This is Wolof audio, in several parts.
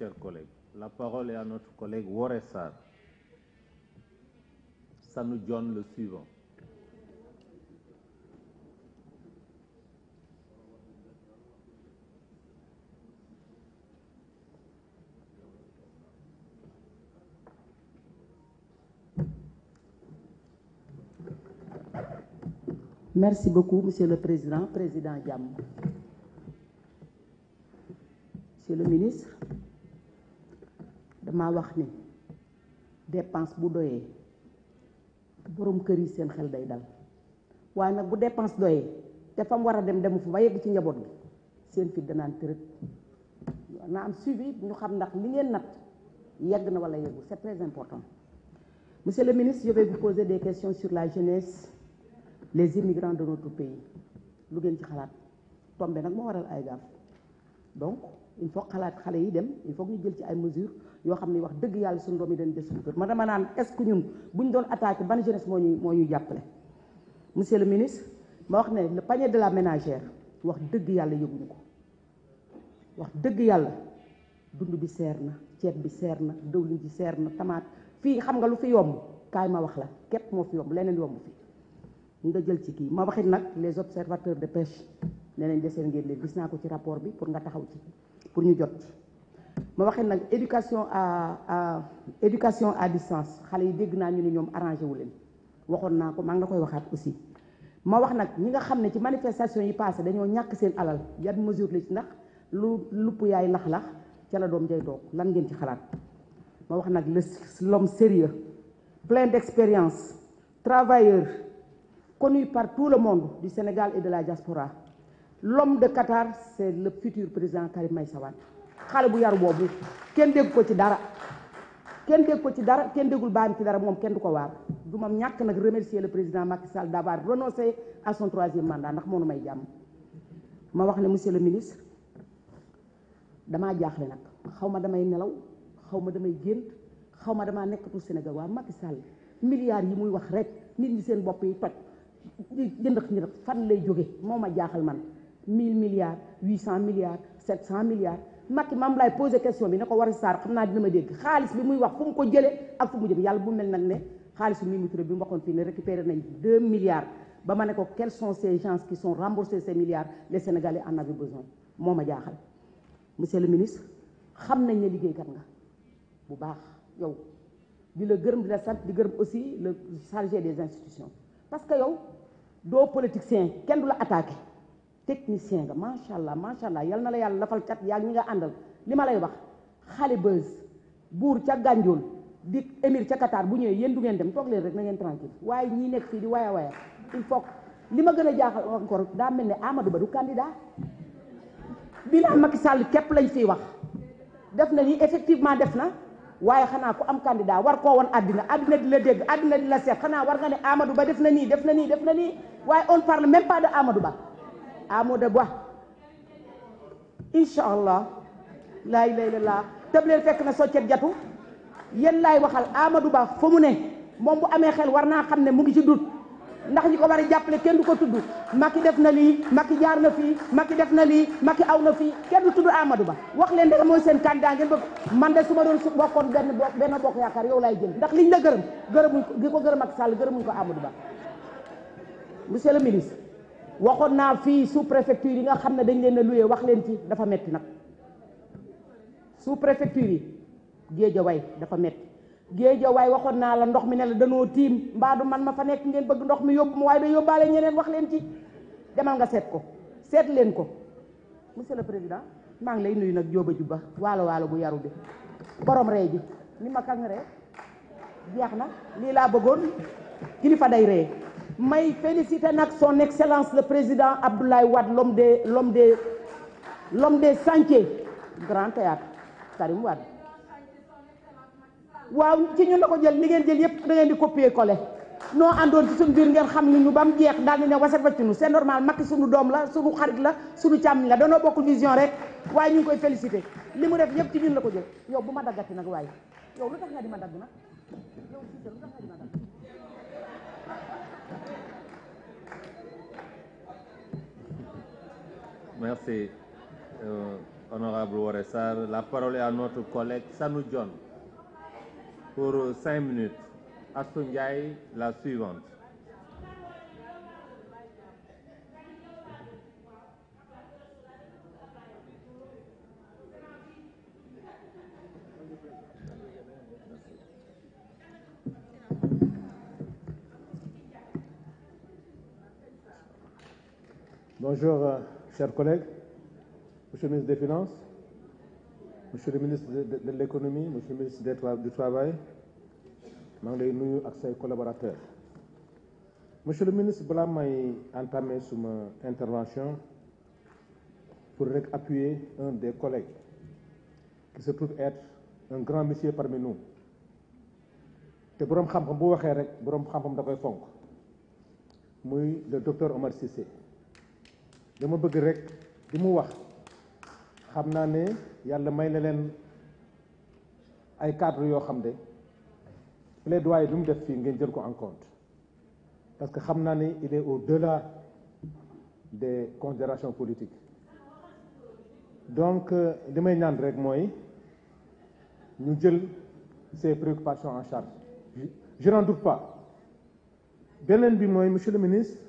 chers collègues. La parole est à notre collègue Waressar. Ça nous donne le suivant. Merci beaucoup, Monsieur le Président, Président Diam. Monsieur le Ministre, dama wax ni dépense bu doyee boroom kër yi seen xel day dal waaye nag bu dépense doyee te fa war a dem demu fa ba yegg ci njaboot gi seen fit danaan tërët na am suivi ñu xam ndax li ngeen natt yegg na wala yeggu c'est très important monsieur le ministre je vais vous poser des questions sur la jeunesse les immigrants de notre pays lu ngeen ci xalaat tombe nag moo waral ay gaaf donc il faut xalaat xale yi dem il faut ñu jël ci ay mesures yoo xam ne wax dëgg yàlla suñu doom yi dañ des suñu kër ma dama naan est-ce que ñun bu ñu doon attaqué ban jeunesse moo ñuy moo ñuy jàppale monsieur le ministre ma wax ne le panier de la ménagère wax dëgg yàlla yëguñu ko wax dëgg yàlla dund bi seer na ceeb bi seer na dëwlin ci seer na tamaat fii xam nga lu fi yomb kaay ma wax la képp moo fi yomb leneen yomb fi nga jël ci kii ma waxit nag les observateurs de pêche ne nañ deseen ngeen leen naa ko ci rapport bi pour nga taxaw ci pour ñu jot ma waxee nag éducation à à éducation à distance xale yi dégg naa ñu ne ñoom arrangé wu leen waxoon naa ko maa nga koy waxaat aussi ma wax nag ñi nga xam ne ci manifestation yi passé dañoo ñàkk seen alal yan mesure la ci ndax lu lupp yaay lax-lax ca la doom jay doog lan ngeen ci xalaat ma wax nag l'homme sérieux plein d'expérience travailleur connu par tout le monde du Sénégal et de la diaspora l'homme de Qatar c'est le futur président Karim may Wade xale bu yar boobu kenn dégg ko ci dara kenn dégg ko ci dara kenn déggul baayam ci dara moom kenn du ko waar du ma ñàkk nag remercier le président Macky Sall d'avoir renoncé à son troisième mandat ndax moonu may jàmm ma wax ne monsieur le ministre damaa jaaxle nag xaw ma damay nelaw xaw ma damay gént xaw ma damaa nekkatu Sénégal waa Macky Sall milliards yi muy wax rek nit ñi seen bopp yi toj ñëndëx ñëndëx fan lay jóge moo ma jaaxal man mille milliards huit cent milliards sept cent milliards Macky maam laay posé question bi ne ko war a saar xam naa dina ma dégg xaalis bi muy wax fu mu ko jëlee ak fu mu jëm yàlla bu mel nag ne xaalisu Mimi Touré bi mu waxoon fii ne récupéré nañ deux milliards ba ma ne ko quels sont ces gens qui sont remboursés ces milliards les Sénégalais en avaient besoin moo ma jaaxal monsieur le ministre xam nañ ne liggéey liggéeykat nga bu baax yow di la gërëm di la sant di gërëm aussi le chargé des institutions parce que yow doo politicien kenn du la attaqué technicien nga macha allah macha allah yal na la yàlla lafal cat yaa ñi nga àndal li ma lay wax xale bës buur ca gànjool di émir ca Qatar bu ñëwee yéen du ngeen dem toog leen rek na ngeen tranquille waaye ñii nekk fii di waye waya il faut li ma gën a jaaxal encore daa mel ni Amadou Ba du candidat bilaa Macky Sall képp lañ fiy wax def na nii effectivement def na waaye xanaa ku am candidat war koo woon àddina àddina di la dégg àddina di la seet xanaa war nga ne Amadou Ba def na nii def na nii def na nii waaye on parle même pas de Ba Amadou Ba incha allah laa ilaaha illallaah tëbleen fekk na soccet jatu yéen laay waxal Amadou Ba foo mu ne moom bu amee xel war naa xam ne mu ngi ci dut ndax ñi ko war a jàppale kenn du ko tudd ki def na lii ki jaar na fii mag ki def na lii Macky aw na fii kenn du tudd Amadou Ba wax leen de mooy seen candidat ngeen man de su ma doon su bokkoon benn bokk benn bokk yaakaar yow laay jël ndax liñ la gërëm gërëmuñ gi ko gërëm ak Sall gërëmuñ ko Amadou Ba monsieur le ministre waxoon naa fii sous préfecture yi nga xam ne dañ leen a loué wax leen ci dafa metti nag sous préfecture yi géejawaay dafa metti géejawaay waxoon naa la ndox mi ne la danoo tiim mbaa du man ma fa nekk ngeen bëgg ndox mi yóbbu ma waaye da yóbbaale ñeneen wax leen ci demal nga seet ko seet leen ko mu monsieur le président maa ngi lay nuyu nag jóoba ju ba waalo waalo bu yaru bi borom ree bi ni ma kang ree jeex na lii laa bëggoon kilifa day ree may féliciter nag son excellence le président Abdoulaye Wade l'homme des l'homme de l'homme des chantiers grand théâtre Karim Wade waaw ci ñun la ko jël li ngeen jël yëpp da ngeen di copier coller noo àndoon ci suñu biir ngeen xam ni ñu ba mu jeex daal di ne wasa wàccinu c'est normal Macky suñu doom la suñu xarit la suñu càmm la danoo bokk vision rek waaye ñu ngi koy féliciter li mu def yëpp ci ñun la ko jël yow bu ma daggati nag waaye yow lu tax nga di ma dagg nag yow Merci, euh, honorable Waressar. La parole est à notre collègue Sanou John pour cinq minutes. Asungay, la suivante. Bonjour, euh, chers collègues, Monsieur le ministre des Finances, Monsieur le ministre de, de, de l'économie, Monsieur le ministre du Travail, maa ngi lay nuyu ak say Monsieur le ministre balaa may entamer suma intervention pour rek appuyer un des collègues qui se trouve être un grand monsieur parmi nous te boroom xam-xam bu waxee rek boroom xam-xam da koy fonk muy le docteur Omar Cissé. dama bëgg rek di mu wax xam naa ne yàlla may na leen ay cadre yoo xam ne plaidoyer bi mu def fii ngeen jël ko en compte parce que xam naa ni il est au-delà des considérations politique donc euh, li may ñaan rek mooy ñu jël ces préoccupations en charge je n'en doute pas beneen bi mooy monsieur le ministre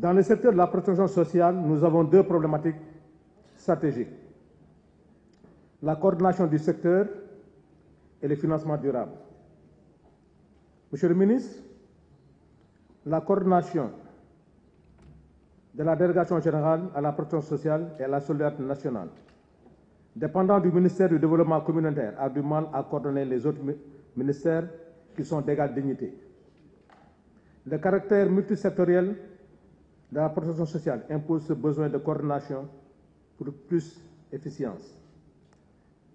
Dans le secteur de la protection sociale, nous avons deux problématiques stratégiques. La coordination du secteur et le financement durable. Monsieur le ministre, la coordination de la délégation générale à la protection sociale et à la solidarité nationale, dépendant du ministère du développement communautaire, a du mal à coordonner les autres ministères qui sont d'égale dignité. Le caractère multisectoriel dans la protection sociale impose ce besoin de coordination pour plus d'efficience.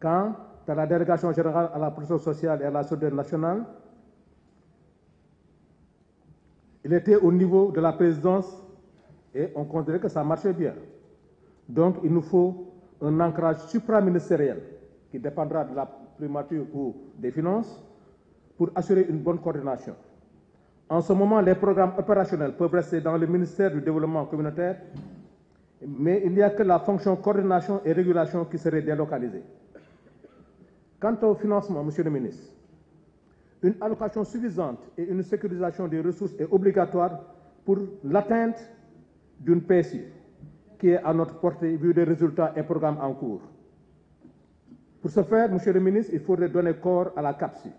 Quand, dans la délégation générale à la protection sociale et à la solidarité nationale, il était au niveau de la présidence et on considérait que ça marchait bien. Donc, il nous faut un ancrage supraministériel qui dépendra de la primature ou des finances pour assurer une bonne coordination. En ce moment, les programmes opérationnels peuvent rester dans le ministère du Développement communautaire, mais il n'y a que la fonction coordination et régulation qui serait délocalisée. Quant au financement, Monsieur le ministre, une allocation suffisante et une sécurisation des ressources est obligatoire pour l'atteinte d'une PSU qui est à notre portée vu les résultats et programmes en cours. Pour ce faire, Monsieur le ministre, il faudrait donner à la CAPSU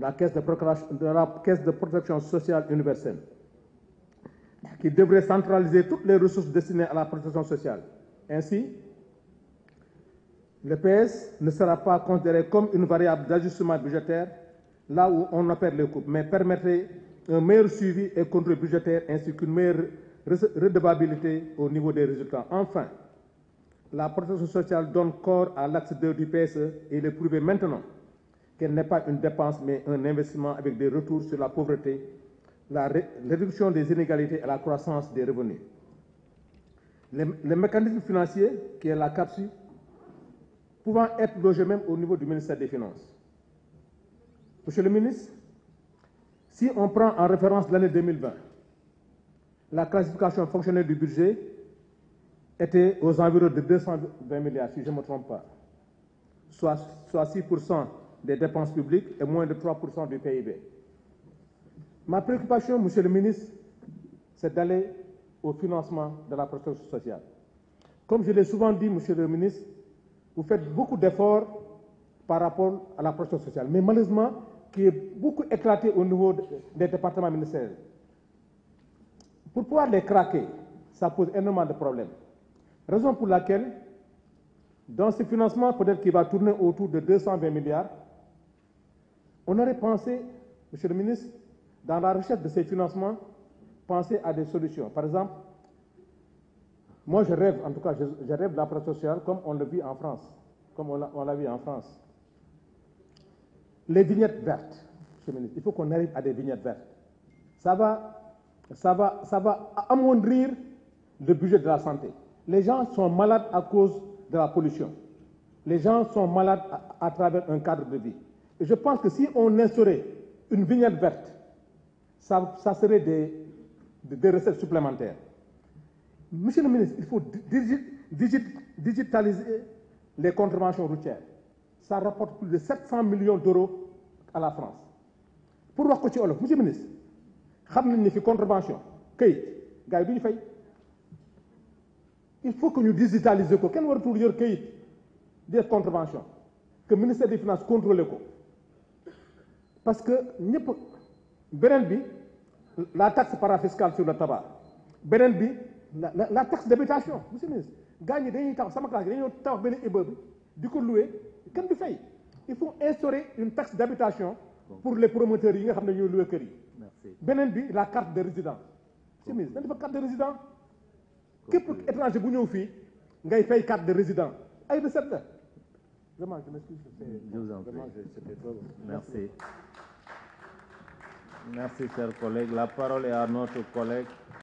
la caisse de, de la caisse de protection sociale universelle, qui devrait centraliser toutes les ressources destinées à la protection sociale. Ainsi, le PS ne sera pas considéré comme une variable d'ajustement budgétaire là où on opère les coupes, mais permettrait un meilleur suivi et contrôle budgétaire ainsi qu'une meilleure redevabilité au niveau des résultats. Enfin, la protection sociale donne corps à l'axe 2 du PSE et il est prouvé maintenant qu'elle n'est pas une dépense mais un investissement avec des retours sur la pauvreté, la ré réduction des inégalités et la croissance des revenus. Le, le mécanisme financier, qui est la CAPSU, pouvant être logé même au niveau du ministère des Finances. Monsieur le ministre, si on prend en référence l'année 2020, la classification fonctionnelle du budget était aux environs de 220 milliards, si je ne me trompe pas, soit, des dépenses publiques et moins de 3% du PIB. Ma préoccupation, Monsieur le ministre, c'est d'aller au financement de la protection sociale. Comme je l'ai souvent dit, Monsieur le ministre, vous faites beaucoup d'efforts par rapport à la protection sociale, mais malheureusement, qui est beaucoup éclaté au niveau des départements ministériels. Pour pouvoir les craquer, ça pose énormément de problèmes. Raison pour laquelle, dans ce financement, peut-être qu'il va tourner autour de 220 milliards, On aurait pensé, Monsieur le ministre, dans la recherche de ces financements, penser à des solutions. Par exemple, moi je rêve, en tout cas, je, je rêve de la presse sociale comme on le vit en France, comme on l'a vu en France. Les vignettes vertes, Monsieur le ministre, il faut qu'on arrive à des vignettes vertes. Ça va, ça va, ça va amoindrir le budget de la santé. Les gens sont malades à cause de la pollution. Les gens sont malades à, à travers un cadre de vie. je pense que si on instaurait une vignette verte, ça, ça serait des, des, recettes supplémentaires. Monsieur le ministre, il faut digit, digit, digitaliser les contraventions routières. Ça rapporte plus de 700 millions d'euros à la France. Pour wax ko ci olof monsieur le xam nañ ni fi contravention kayit gars yi du ñu fay il faut que ñu digitaliser ko kenn waratul yor kayit des contravention que ministère des finances contrôler ko parce que ñëpp beneen bi la taxe parafiscale sur le taba beneen bi la la la taxe d'habitation monsieur le ministre gars ñi dañuy tax sama classe dañoo tax benn immeuble di ko loué kenn du fay il faut un une taxe d'habitation pour le promoteurs yi nga xam ne ñooy loué kër yi. beneen bi la carte de résident. monsieur le ministre dañu dafa carte de résident. képp étranger bu ñëw fii ngay fay carte de résident ay recette la. vraiment je m'excuse. je vous en prie. vraiment c'était trop. merci. Merci, cher collègue. La parole est à notre